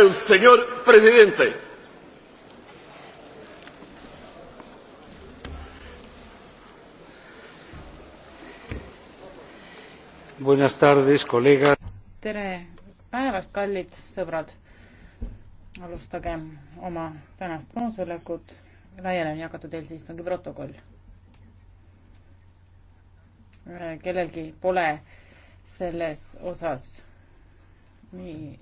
el señor presidente. Buenas tardes, colegas. tere päevast, kallid sõbrad. alustagem oma tänast koosolekut. laiali on jagatud eilse istungi protokoll. Äh, kellelgi pole selles osas nii